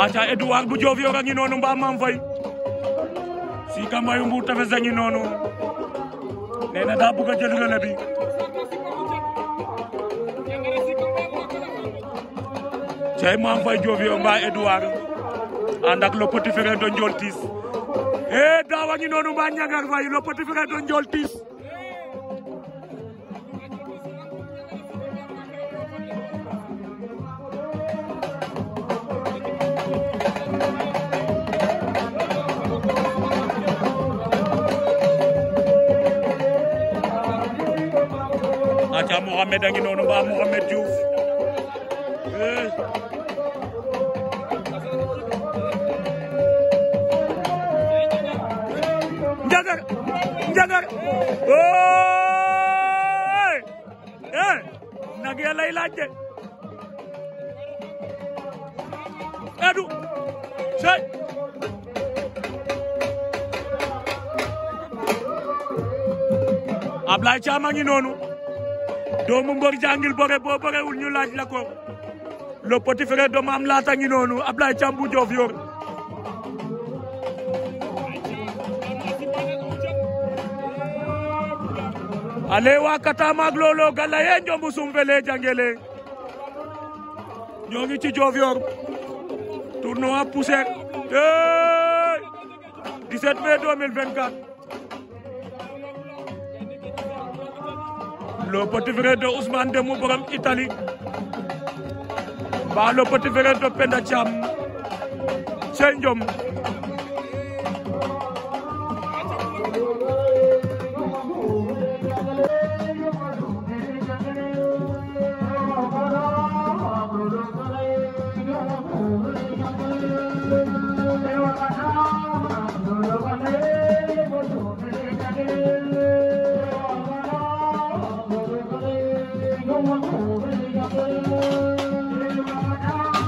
aca Edouard bu Diof yor a ngi noonu mbaa Mame Faye Sika Mbaye Mbour tefes ngi noonu nee daa bëgg a jël relais bi cey mbaa Edouard ànd ak le petit frère de Ndiol eh, ngi noonu mbaa Niangar Faye le petit frère Aca Mohamed a ngi noonu mbaa Mohamed Diouf njagar njagar ooy ee eh, nag ya lay laaj de edu sey Ablaye Thiam a ngi noonu doomu mbor jàngil bëre boo ñu laaj la ko le petit frère de Mame Latta ngi noonu Ablaye Cambou Diof yor ale waa Katamaak looloo gala yee njombu sumbele jàngele ñoo ngi ci Diof yor tournoi poussé 17 mai 2024 le petit frère de Ousmane Demu borom Italie mbaa le petit frère Penda Thiam Ceenjom Oh,